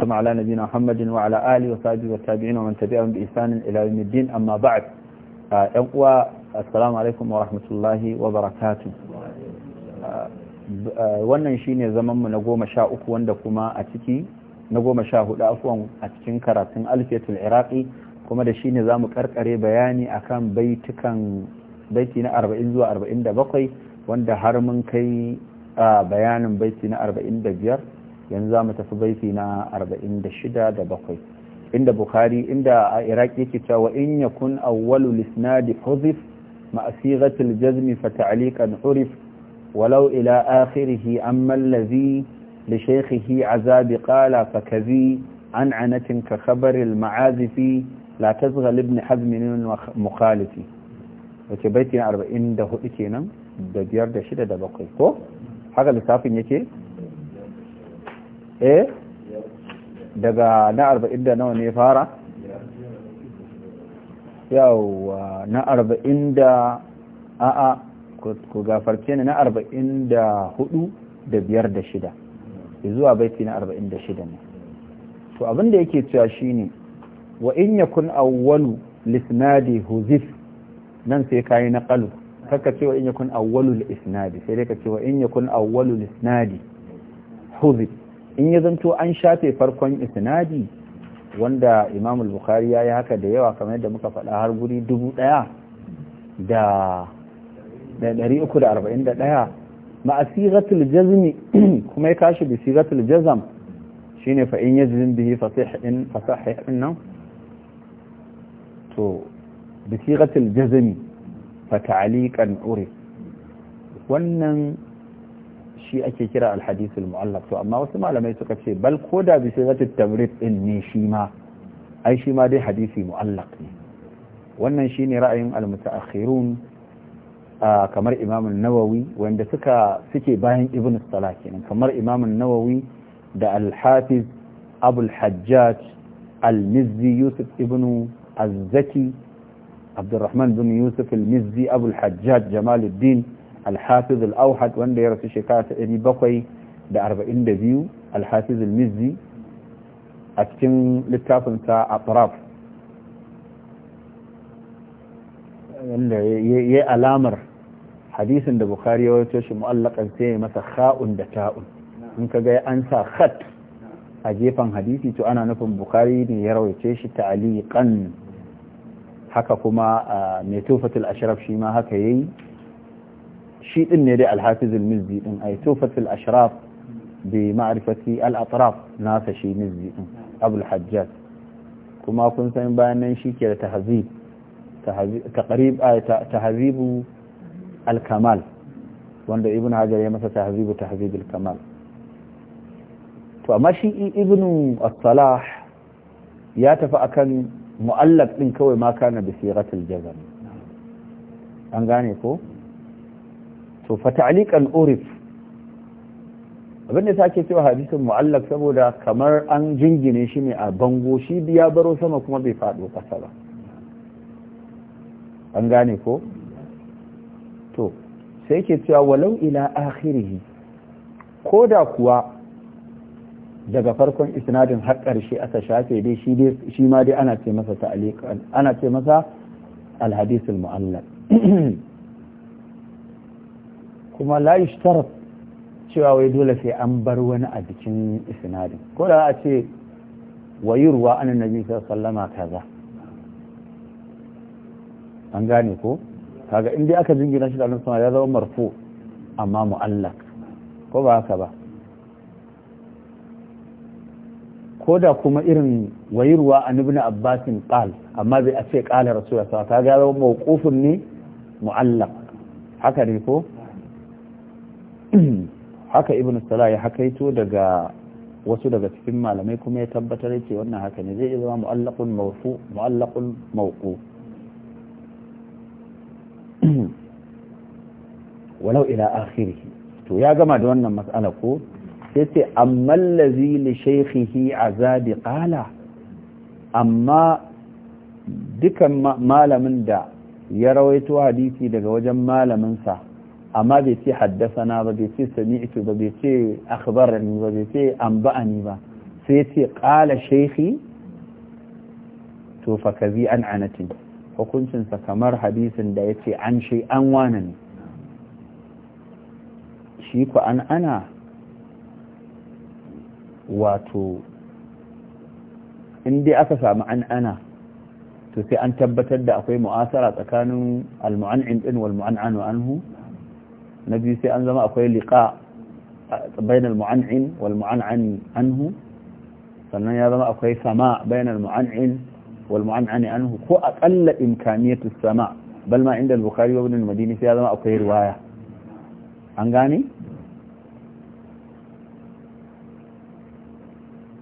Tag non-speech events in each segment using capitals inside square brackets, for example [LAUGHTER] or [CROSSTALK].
كما على نبينا محمد وعلى آله وصحبه والتابعين ومن تبعهم بإحسان إلى يوم الدين أما بعد أقوى السلام عليكم ورحمة الله وبركاته wannan shine zaman mu na goma sha uku wanda kuma a ciki na goma sha a cikin karatun alfiyatul iraqi kuma da shine zamu karkare bayani akan baitukan baiti na 40 zuwa 47 wanda har mun kai bayanin baiti na 45 yanzu za mu tafi baiti na 46 da bakwai inda bukhari inda a iraq yake cewa in yakun awwalul isnad huzif ma sighatil jazm fa ta'liqan urif walau ila akhirih amma allazi li shaykhihi azabi qala fakazi an anatin ka khabar al ma'azifi la tazghal ibn hazm min mukhalifi wace baiti na 44 kenan da biyar da shida da bakwai ko haka lissafin yake eh daga na arba'in da nawa ne fara yawwa na arba'in da a'a ku gafarce ne na arba'in da hudu da biyar da shida zuwa baiti na arba'in da shida ne to abinda yake cewa ne wa in ya a awwalu lisnadi huzif nan sai kayi na kalu kaka ce wa in a awwalu lisnadi sai dai ka ce wa in a awwalu lisnadi huzif in ya zanto an shafe farkon isnadi wanda imam bukhari ya yi haka da yawa kamar yadda muka faɗa har guri dubu ɗaya da ɗari uku da arba'in da ɗaya ma'asiratul jazmi [CLEARS THROAT] kuma ya kashi bi siratul jazam shine fa in yajzim bihi fasihin fasahih nan to bi siratul jazmi fa ta'liqan uri wannan shi ake kira alhadisul mu'allaq to amma wasu malamai suka ce bal ko da bi sai tamrid din ne shi ma ai shi ma dai hadisi mu'allaq ne wannan shine ra'ayin almutaakhirun kamar imam nawawi wanda suka suke bayan ibn salah kenan kamar imam nawawi da al-hafiz abul hajjaj al-mizzi yusuf ibn az-zaki bin yusuf al-mizzi abul jamaluddin alhafizul auhad wanda ya rasu shekara ta da 742 alhafiz al-mizzi a cikin littafinsa a taraf wanda alamar hadisin da bukari ya wato shi mu'allakan sai masa kha'un da ta'un in ka ga an sa khat a gefen hadisi to ana nufin bukari ne ya rawaice shi ta'aliqan haka kuma mai tufatul ashraf shi ma haka yayi shi din ne dai alhafiz al-mizzi din ay tufatul ashraf bi ma'rifati al-atraf nasa shi mizzi din hajjaj kuma kun san bayan nan shi ke da tahzib taqrib tahzibu al-kamal wanda ibn hajar ya masa tahzibu tahzib al-kamal to amma shi ibn as-salah ya tafi akan mu'allaq din kawai ma kana bi siratil jazm an gane ko to fa ta'liq al-urif abinda sake cewa hadisin mu'allaq saboda kamar an jingine shi ne a bango shi biya baro sama kuma bai faɗo ƙasa ba an gane ko to sai ke cewa walau ila akhirihi ko da kuwa daga farkon isnadin har ƙarshe aka shafe dai shi ma dai ana ce masa ta'aliq ana ce masa al muallaq [CLEARS THROAT] kuma la yushtarat cewa wai dole sai an bar wani a jikin isnadin ko da a ce wayurwa anan nabi sallama kaza an gane ko kaga inda aka jingina shi da sama ya zama marfu amma mu'allaq ko ba haka ba ko da kuma irin wayurwa an ibn abbasin qal amma bai a ce qala rasulullah sallallahu alaihi wasallam kaga zama mawqufun ne mu'allaq haka ne ko [CLEARS THROAT] haka ibn Sala ya hakaito daga wasu daga cikin malamai kuma ya tabbatar yake wannan haka ne zai iya zama mu'allaqun mawfu mu'allaqun mawqu [CLEARS THROAT] walau ila akhirih to ya gama da wannan mas'ala ko sai ce amma allazi li shaykhihi azabi qala amma dukan malamin da ya rawaito hadisi daga wajen malaminsa amma bai ce haddasana ba bai ce sami'tu ba bai ce akhbarani ba bai ce anba'ani ba sai ce qala shaykhi to fa kazi an anatin sa kamar hadisin da ya ce an shi an wani ne shi ku an ana wato inda aka samu an ana to sai an tabbatar da akwai mu'asara tsakanin al-mu'an'in din wal mu'an'anu anhu na biyu sai an zama akwai liqa bainal mu'an'in wal mu'an'ani anhu sannan ya zama akwai sama bainal mu'an'in wal mu'an'ani anhu ko aqalla imkaniyatu sama bal ma inda al-bukhari wa ibn madini sai ya zama akwai riwaya an gane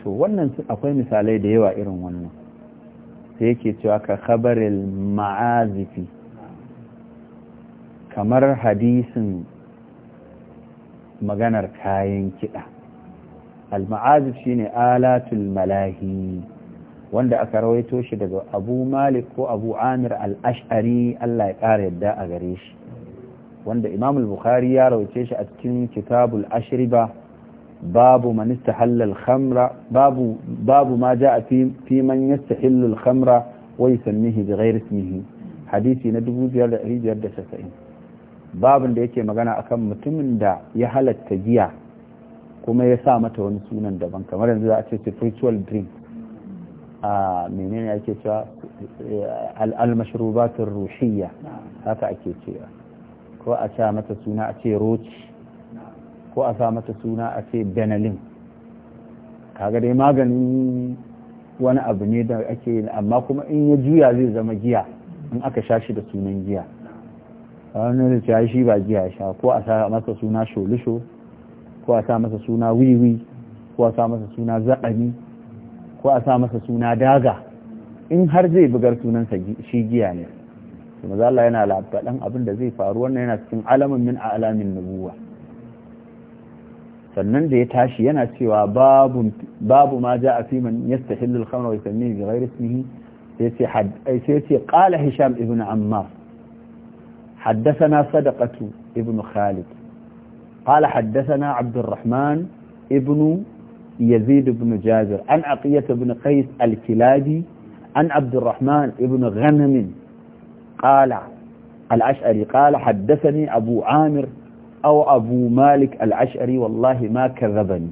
to wannan akwai misalai da yawa irin wannan sai yake cewa ka khabaril ma'azifi kamar hadisin maganar kayan kiɗa al-ma'azif shine alatul malahi wanda aka rawaito shi daga abu malik ko abu amir al-ash'ari Allah ya ƙara yadda a gare shi wanda imam al-bukhari ya rawaice shi a cikin kitabul ashriba babu man istahalla al-khamra babu babu ma jaa fi fi man yastahillu al-khamra wa yusammihi bighayri ismihi hadisi na 2590 babin da yake magana akan mutumin da ya halatta giya kuma ya sa mata wani sunan daban kamar yanzu za a ce spiritual drink a menene ake cewa al mashrubatun ruhiyya haka ake cewa ko a sa mata suna a ce roci ko a sa mata suna a ce benelin kaga dai maganin wani abu ne da ake amma kuma in ya juya zai zama giya in aka sha shi da sunan giya wani da ya shi ba giya sha ko a sa masa suna sholisho ko a sa masa suna wiwi ko a sa masa suna zaɓani ko a sa masa suna daga in har zai bugar sunan shi giya ne maza Allah yana labaɗan abin da zai faru wannan yana cikin alamin min a alamin nubuwa sannan da ya tashi yana cewa babu ma ja a fiman yasta hillul khamra wa yusammi bi ghairi ismihi sai ce qala hisham ibn ammar حدثنا صدقة ابن خالد قال حدثنا عبد الرحمن ابن يزيد بن جابر عن عقية بن قيس الكلادي عن عبد الرحمن ابن غنم قال العشعري قال حدثني أبو عامر أو أبو مالك العشعري والله ما كذبني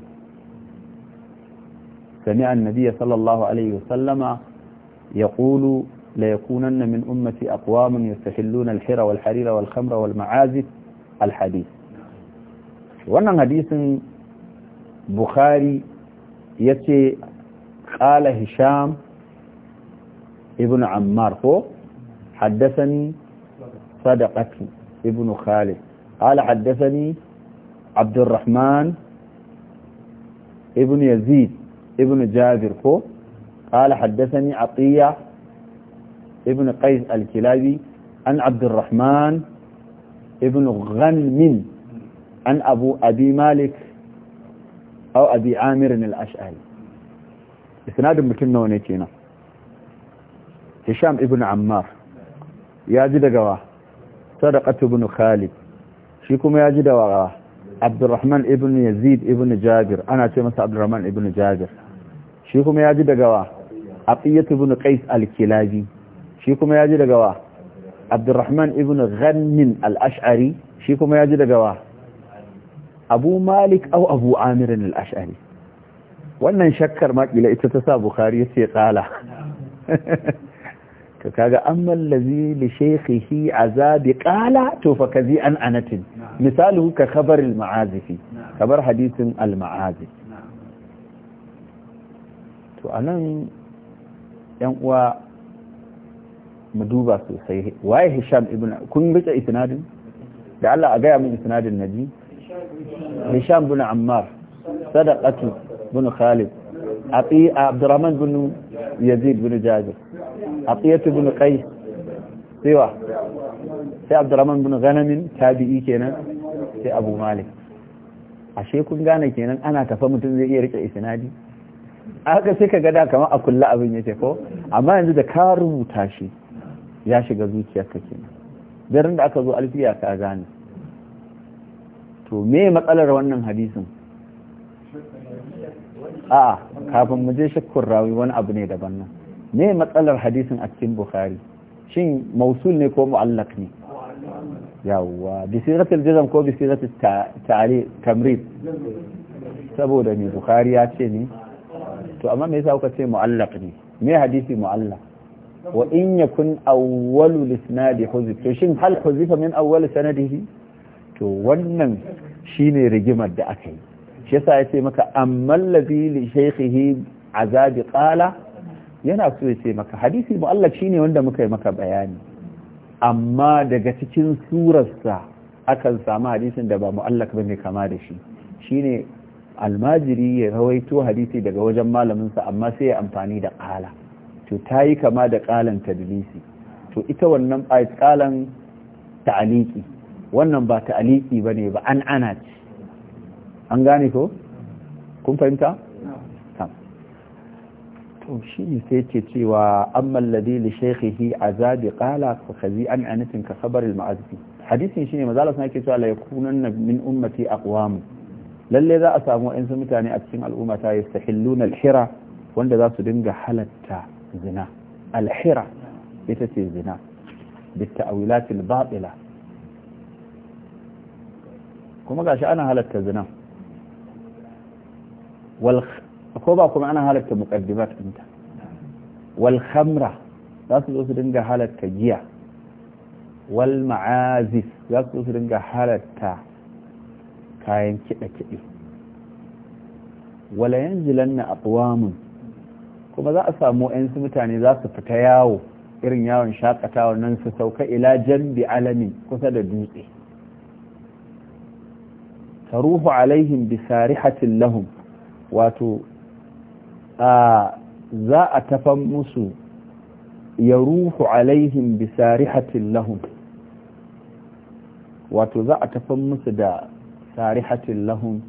سمع النبي صلى الله عليه وسلم يقول ليكونن من أمتي أقوام يستحلون الحرى والحرير والخمر والمعازف الحديث wannan hadisin bukhari ya ce hisham ibn ammar ko haddasani sadaqatu ibn khalid qala haddasani abdurrahman ibn yazid ibn jabir ko ƙala haddasani atiya ibn qais al-kilabi an abdurrahman ibn ghanmin an abu abi malik aw abi amir al-ash'ari isnadin mutum nawa ne kenan hisham ibn ammar ya ji daga wa sadaqat ibn khalid shi kuma ya ji da wa abdurrahman ibn yazid ibn jabir ana ce masa abdurrahman ibn jabir shi kuma ya ji daga wa aqiyat ibn al-kilabi shi kuma ya ji daga wa abdurrahman ibn ghannin Al'ashari shi kuma ya ji daga wa abu malik au abu amirin Al'ashari wannan shakkar makila ita ta sa bukari ya tsala ka [LAUGHS] kaga amman lazi li shaykhihi azabi kala to fa kazi an anatin misali ka kabar al ma'azifi kabar hadithin al ma'azif to anan yan uwa mu duba sosai waye hisham ibn kun rike isnadin da Allah a gaya min isnadin naji hisham ibn ammar sadaqatu ibn khalid abi abdurrahman ibn yazid ibn jabir abiyat ibn qais siwa sai abdurrahman ibn ghanam tabi'i kenan sai abu malik ashe kun gane kenan ana tafa mutum zai iya rike isnadi haka sai ka gada kamar a kulla abin yake ko amma yanzu da ka rubuta shi ya shiga zuciyarka kenan daren da aka zo alfiya ka gane to me matsalar wannan hadisin a'a kafin mu je shakkun rawi wani abu ne daban nan me matsalar hadisin a cikin bukhari shin mausul ne ko mu'allaq ne yawwa bisiratul siratul jazm ko bisiratul ta'ali tamrid saboda ne bukhari ya ce ne to amma me yasa kuka ce mu'allaq ne me hadisi mu'allaq wa in yakun awwalu lisnadi huzif to shin hal huzifa min awwal sanadihi to wannan shine rigimar da aka yi shi yasa yace maka ammal ladhi li shaykhihi azabi qala yana so yace maka hadisi Allah shine wanda muka yi maka bayani amma daga cikin surarsa akan samu hadisin da ba mu ba bane kama da shi shine almajiri ya rawaito hadisi daga wajen malaminsa amma sai ya amfani da qala to ta yi kama da ƙalan tadlisi to ita wannan ƙalan ta'aliki wannan ba ta'aliki ba ne ba an ana ce an gane ko? kun fahimta? to shi ne sai ke cewa an mallade li shekhihi a zaɓi ƙala ka kazi an anatin ka sabarin ma'azbi hadisin shi ne mazala suna ke cewa laikunan na min ummati aqwamu lalle za a samu 'yansu mutane a cikin al'ummata ya sahilluna alhira wanda za su dinga halatta zina alhira ita ce zina بالتأويلات الباطلة kuma gashi ana halatta zina ko ba kuma ana halatta muqaddimat ɗinta wal khamra za su zo su dinga halatta giya wal ma'azif za su zo su dinga halatta kayan kiɗa-kiɗe wala yanzilanna aqwamun kuma za a samu 'yansu mutane za su fita yawo irin yawon shakatawa nan su sauka ila jambi alami kusa da dutse taruhu alaihim wato za a tafan musu ya ruhu alaihim bi hatin lahun wato za a tafan musu da sarihatin lahum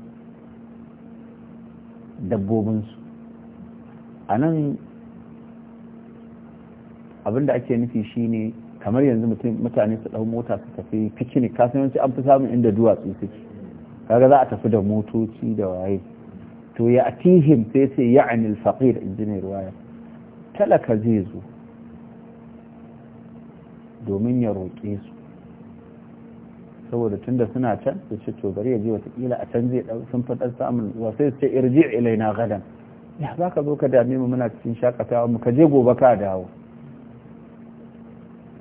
dabbobinsu a nan abinda ake nufi shine kamar yanzu mutane su ɗau mota su tafi fikini kasuwanci an fi samun inda duwatsu suke kaga za a tafi da motoci da waye to ya atihim sai sai ya anil faƙir injiniyar waya talaka zai zo domin ya roƙe su saboda tunda suna can su ce to bari ya je watakila a can zai sun fi ɗan samun wasai su ce irji ilaina gadan ya za ka zo ka dame mu muna cikin shakatawa mu ka je gobe ka dawo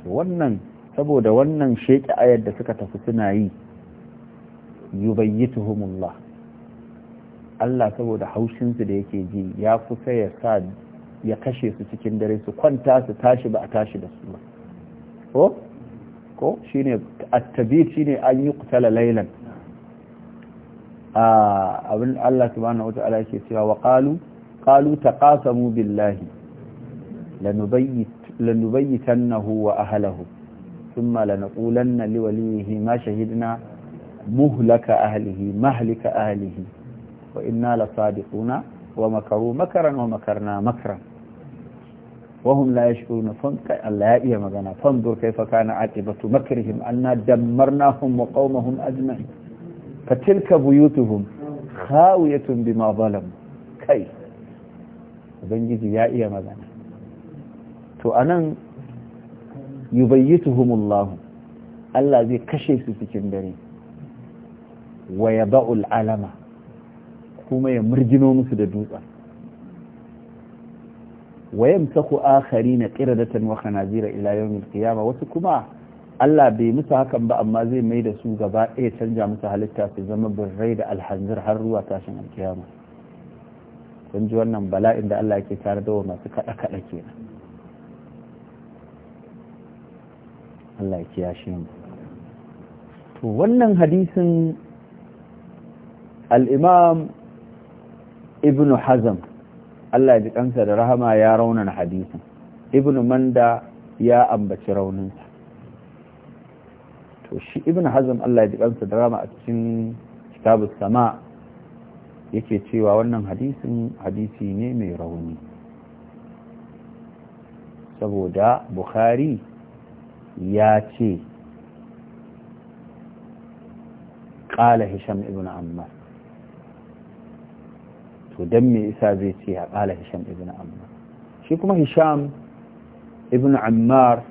wannan saboda wannan sheƙi ayar da suka tafi suna yi yubayyituhumullah Allah saboda haushinsu da yake ji ya kusa ya sa ya kashe su cikin dare su kwanta su tashi ba a tashi da su ba ko ko shine at-tabit shine an yi qutala laylan ah, abin Allah subhanahu wa ta'ala yake cewa wa qalu qalu taqasamu billahi lanubayyit lanubayyitannahu wa ahlihi thumma lanaqulanna liwalihi ma shahidna muhlaka ahlihi mahlika ahlihi wa inna lasadiquna wa makaru makaran wa makarna makran وهم لا يشعرون فانك الله يأي مغانا فانظر كيف كان عاقبة مكرهم أنا دمرناهم وقومهم أجمعين فتلك بيوتهم خاوية بما ظلموا كيف ubangiji ya iya magana to anan yubayyituhumullahu Allah zai kashe su cikin dare wa ba'ul alama kuma ya murgino musu da dutsen wa yamsaku akharina qiradatan wa khanazira ila yawmil qiyamah wasu kuma Allah bai musu hakan ba amma zai mai da su gaba ɗaya canja musu halitta su zama birrai da alhanzir har ruwa tashin alkiyama kun ji wannan bala'in da Allah yake tare da masu kada kada kenan Allah ya shi mu to wannan hadisin al-Imam Ibn Hazm Allah ya ji kansa da rahama ya raunan hadisin Ibn Manda ya ambaci rauninsa to shi Ibn Hazm Allah ya ji kansa da rahama a cikin kitabus sama yake cewa wannan hadisin hadisi ne mai rauni saboda bukhari ya ce ƙala hisham ibn ammar to don mai isa zai ce a ƙala hisham ibn ammar shi kuma hisham ibn ammar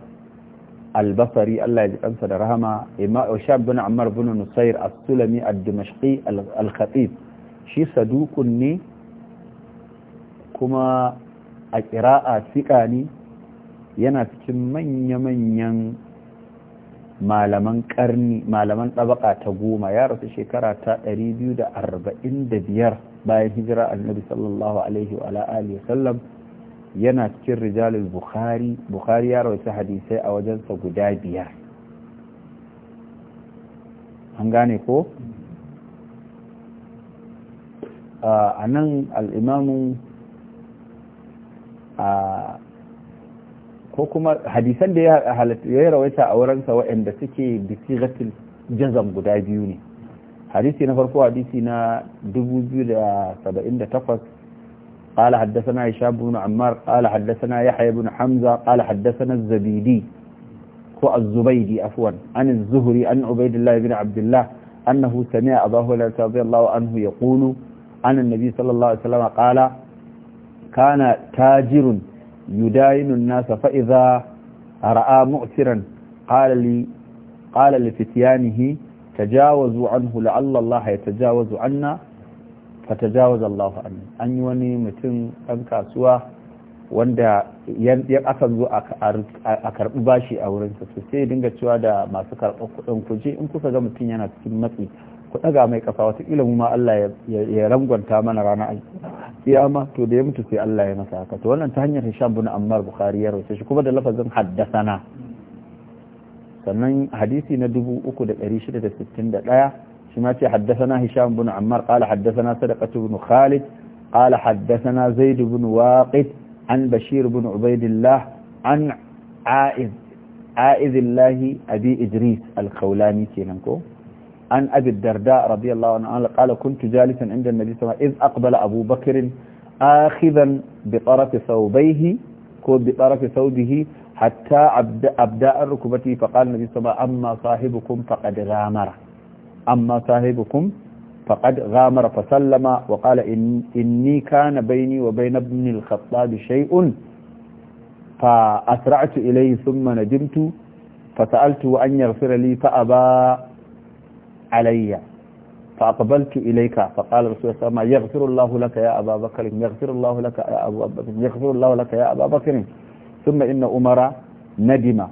albasari Allah ya ji kansa da rahama hisham ibn ammar bin nusair as-sulami ad-dimashqi al-khatib shi sadukun ne kuma a ƙira'a siƙa ne yana cikin manya-manyan malaman ƙarni malaman ɗabaƙa ta goma ya rasu shekara ta 245 bayan hijira annabi sallallahu alaihi wa alihi sallam yana cikin rijalul bukhari bukhari ya rawaita hadisai a wajensa guda biyar an gane ko a nan al’imamun a kuma hadisan da ya yi rawaita a wurinsa waɗanda suke bisi zafin jazan guda biyu ne hadisi na farko hadisi na 2078 ƙala haddasa Aisha ibn Ammar ƙala haddasa na Yahya ibn Hamza ƙala haddasa na Zabidi ko Az-Zubaydi afwan an Az-Zuhri an Ubaydillah ibn Abdullah annahu sami'a Abu Hurairah radiyallahu anhu yaqulu an annabi sallallahu alaihi wasallam qala kana tajirun yudayinu an fa'iza fa idza ra'a mu'siran qala li qala li fityanihi tajawazu anhu la'alla Allah yatajawazu anna fatajawaza Allah anhu an yi wani mutum ɗan kasuwa wanda ya akan zo a karɓi bashi a wurinsa sosai dinga cewa da masu karɓar kuɗin kuje in kuka ga mutum yana cikin matsi ku ɗaga mai ƙasa watakila mu ma Allah ya rangwanta mana rana alƙiyama to da ya mutu sai Allah ya masa haka to wannan ta hanyar Hisham bin Ammar Bukhari ya rawaita shi kuma da lafazin haddasana sannan hadisi na 3661 shi ma ce haddasana Hisham bin Ammar qala haddasana Sadaqah bin Khalid qala haddasana Zaid bin Waqid an Bashir bin Ubaidillah an Aiz Aiz Abi Idris al-Khawlani kenan ko عن أبي الدرداء رضي الله عنه قال كنت جالسا عند النبي صلى الله عليه وسلم إذ أقبل أبو بكر آخذا بطرف ثوبيه بطرف ثوبه حتى أبداء ركبته فقال النبي صلى الله عليه وسلم أما صاحبكم فقد غامر أما صاحبكم فقد غامر فسلم وقال إن إني كان بيني وبين ابن الخطاب شيء فأسرعت إليه ثم ندمت فسألته أن يغفر لي فأبى علي فأقبلت إليك فقال رسول الله ما يغفر الله لك يا أبا بكر يغفر الله لك يا أبو بكر يغفر الله لك يا أبا بكر ثم إن أمر ندم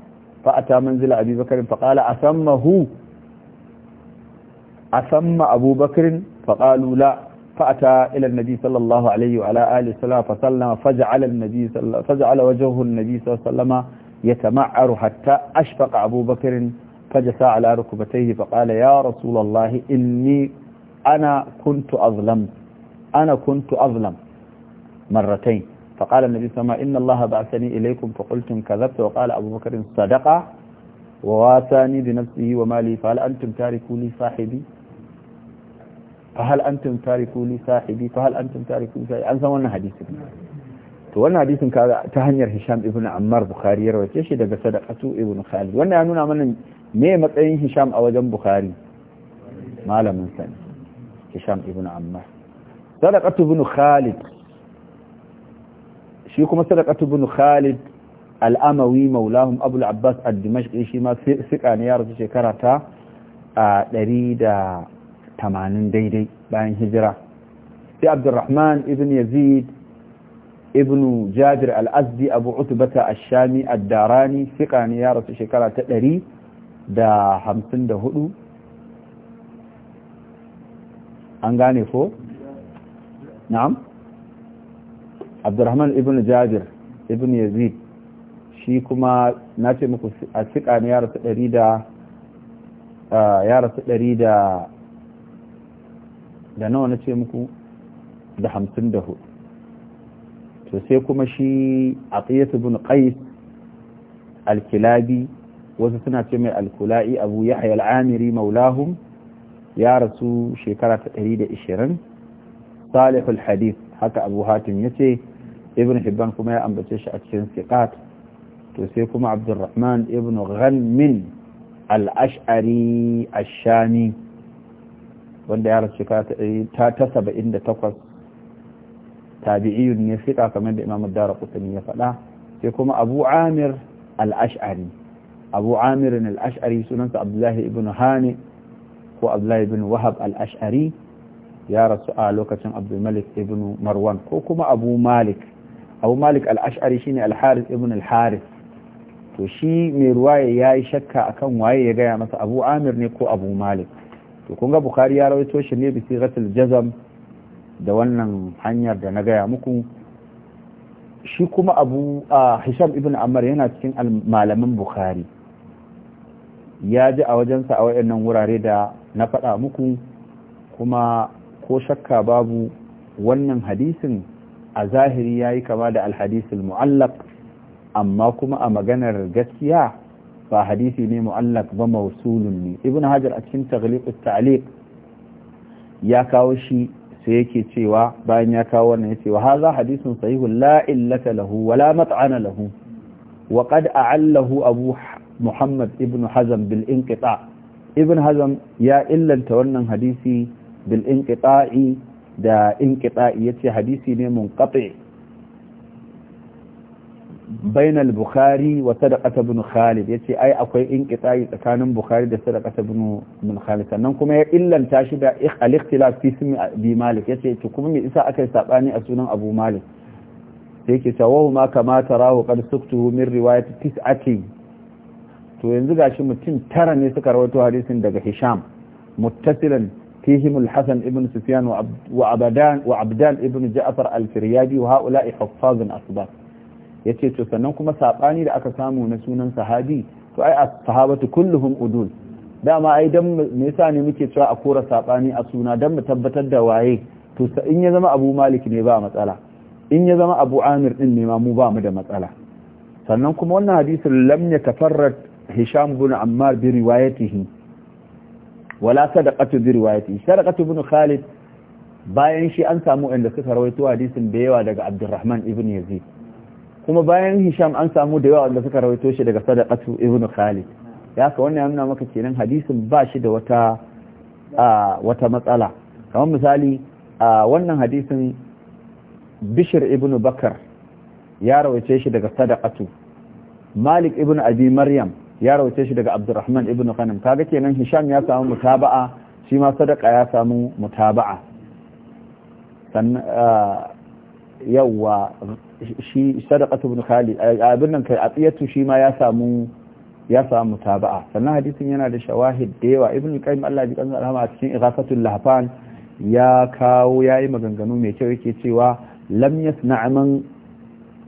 فأتى منزل أبي بكر فقال أسمه أسم أبو بكر فقالوا لا فأتى إلى النبي صلى الله عليه وعلى آله وسلم فسلم فجعل النبي صلى فجعل وجهه النبي صلى الله عليه وسلم يتمعر حتى أشفق أبو بكر فجسى على ركبتيه فقال يا رسول الله إني أنا كنت أظلم أنا كنت أظلم مرتين فقال النبي صلى الله عليه وسلم إن الله بعثني إليكم فقلتم كذبت وقال أبو بكر صدق وواساني بنفسه ومالي فهل أنتم تاركوا لي صاحبي فهل أنتم تاركوا لي صاحبي فهل أنتم تاركوا لي صاحبي أنسى وانا حديث to wannan hadisin ka ta hanyar Hisham ibn Ammar Bukhari ya rawace shi daga sadaqatu ibn Khalid wannan ya nuna mana me matsayin hisham a wajen bukhari malamin sani hisham ibn ammar sadaqatu ibn khalid shi kuma sadaqatu ibn khalid al'amawi maulahum abu al-abbas ad-dimashqi shi ma sika ne ya rasu shekara ta 180 daidai bayan hijira sai abdurrahman ibn yazid ابن جابر الأزدي أبو عتبة الشامي الداراني ثقاني يا رسول شكرا تأري da hamsin da hudu an gane ko? na'am abdurrahman ibn jabir ibn yazid shi kuma na ce muku a cika ne yara rasu ɗari da yara rasu da da nawa na ce muku da hamsin da hudu to sai kuma shi a su bin ƙais alkilabi wasu suna ce mai alkula'i abu ya hayal amiri maulahu ya rasu shekara ta 120 salihul hadith haka abu hatim ya ce ibn hibban kuma ya ambace shi a cikin sikat to sai kuma abdurrahman ibn ghalmin al-ash'ari ash-shami wanda ya rasu shekara ta 78 tabi'iyun ne fiqa kamar da imam dara darqutni ya faɗa sai kuma abu amir al-ash'ari abu amirin al'ash'ari sunansa abdullahi ibn hane ko abdullahi ibn wahab al'ash'ari ya rasu a lokacin abdulmalik ibn marwan ko kuma abu malik abu malik al'ash'ari shine al-haris ibn al to shi mai ruwaye ya yi shakka akan waye ya gaya masa abu amir ne ko abu malik to kunga bukari ya rawaito shi ne bisi rasul jazam da wannan hanyar da na gaya muku shi kuma abu a hisham ibn amar yana cikin malamin bukhari ya ji a wajensa a waɗannan wurare da na faɗa muku kuma ko shakka babu wannan hadisin a zahiri ya yi kama da alhadisul mu'allaq amma kuma a maganar gaskiya ba hadisi ne mu'allaq ba mausulun ne ibn hajar a cikin taghliq taliq ya kawo shi sai yake cewa bayan ya kawo wannan cewa wa hadha hadithun sahihun la illata lahu wala mat'ana lahu wa qad a'allahu abu muhammad ibn hazm bil inqita ibn hazm ya illanta wannan hadisi bil inqita'i da inqita'i yace hadisi ne munqati bain al bukhari wa sadaqat ibn khalid yace ai akwai inqita'i tsakanin bukhari da sadaqat ibn ibn khalid sannan kuma ya illanta shi da al ikhtilaf fi ismi bi malik yace to kuma me isa akai sabani a sunan abu malik sai yake tawahu ma kama tarahu qad suktuhu min riwayat tis'ati to yanzu gashi mutum tara ne suka rawaito hadisin daga hisham muttasilan فيهم الحسن ابن سفيان وعبدان وعبدان ابن جعفر الفريابي وهؤلاء حفاظ أصباط yace to sannan kuma sabani da aka samu na sunan sahabi to ai sahabatu kulluhum udul dama ai dan me yasa ne muke cewa a kora sabani a suna dan mu tabbatar da waye to in ya zama Abu Malik ne ba matsala in ya zama Abu Amir din ne ma mu ba mu da matsala sannan kuma wannan hadisin lam tafarrat hisham bin ammar bi riwayatihi wala sadaqatu bi riwayatihi sadaqatu khalid bayan shi an samu inda suka rawaito hadisin da yawa daga abdurrahman ibn yazid kuma bayan hisham an samu da yawa wanda suka rawaito shi daga sadaqatu ibn khalid ya ka wannan ya nuna maka kenan hadisin ba shi da wata wata matsala kamar misali a wannan hadisin bishir ibn bakar ya rawaice shi daga sadaqatu malik ibn abi maryam ya rawace shi daga abdurrahman ibn ghanim kaga kenan hisham ya samu mutaba'a shi ma ya samu mutaba'a sannan ah, yawa shi sadaqa ibn khalid ah, abin nan kai atiyatu shi ma ya samu ya samu mutaba'a sannan hadisin yana da shawahid da yawa ibn qayyim Allah ya kansa rahama a cikin ighasatul lahfan ya kawo yayi maganganu mai kyau yake cewa lam yasna man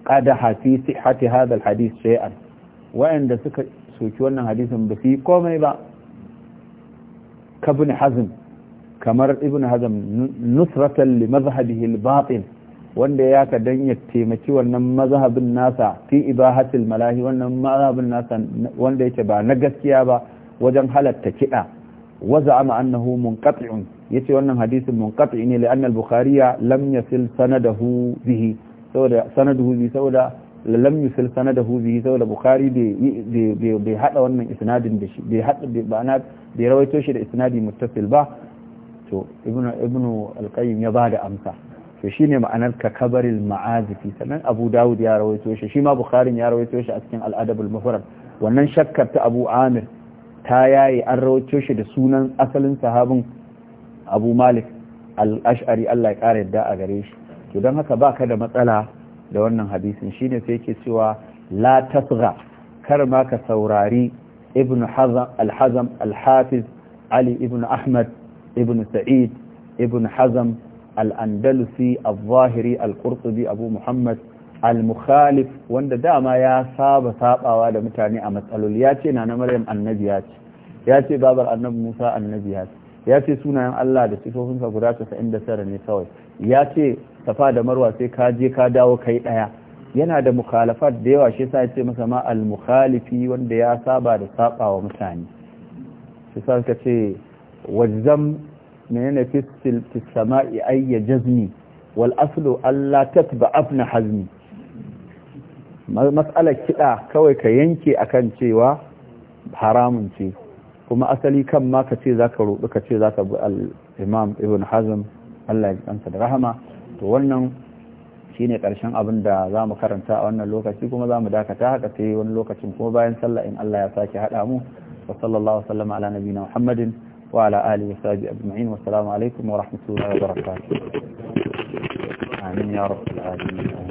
qadaha fi sihhati hadha alhadith shay'an wa'anda suka soki wannan hadisin ba su yi komai ba ka hazm kamar ibn hazm nusratan li mazhabihi al-batil wanda ya ka dan ya taimaki wannan mazhabin nasa fi ibahatil malahi wannan mazhabin nasa wanda yake ba na gaskiya ba wajen halatta kiɗa وزعم أنه منقطع يتي وأنه حديث منقطع لأن البخاري لم يصل سنده به سودا سنده به سودا lam yusil sanadahu bihi da bukhari bai hada wannan isnadin da shi bai hada bai rawaito shi da isnadi muttasil ba to ibnu ibnu alqayyim ya bada amsa to shine ma'anar ka kabaril ma'azifi sannan abu dawud ya rawaito shi shi ma bukharin ya rawaito shi a cikin al'adabul mufrad wannan shakkar ta abu amir ta yayi an rawaito shi da sunan asalin sahabin abu malik al-ash'ari Allah ya kare yadda a gare shi to don haka baka da matsala da wannan hadisin shine sai yake cewa la tasgha kar ma ka saurari ibn hazam al-hazam al-hafiz ali ibn ahmad ibn sa'id ibn hazam al-andalusi al-zahiri al-qurtubi abu muhammad al-mukhalif wanda dama ya saba sabawa da mutane a matsaloli ya ce na na maryam annabi ya ce ya ce babar annabi musa annabi yace ce ya ce sunayen allah da sifofinsa guda 99 ne kawai ya ce safa da marwa sai ka je ka dawo kai daya yana da mukhalafat da yawa shi yasa yace ce masa ma al-mukhalifi wanda ya saba da sabawa mutane shi sa suka ce wajzam menene fisil sama'i ayya jazmi wal aslu alla tatba afna hazmi mas'alar kiɗa kawai ka yanke akan cewa haramun ce kuma asali kan ma ka ce za ka ka ce za ka bi al'imam ibn hazm allah ya kansa da rahama to wannan ne ƙarshen abin da za mu karanta a wannan lokaci kuma za mu dakata haka sai wani lokacin kuma bayan sallah in Allah ya sake haɗa mu wa sallallahu wasallama ala nabiyina muhammadin wa ala alihi wa sahbihi ajma'in wa assalamu alaikum wa rahmatullahi wa barakatuh amin ya rabbal alamin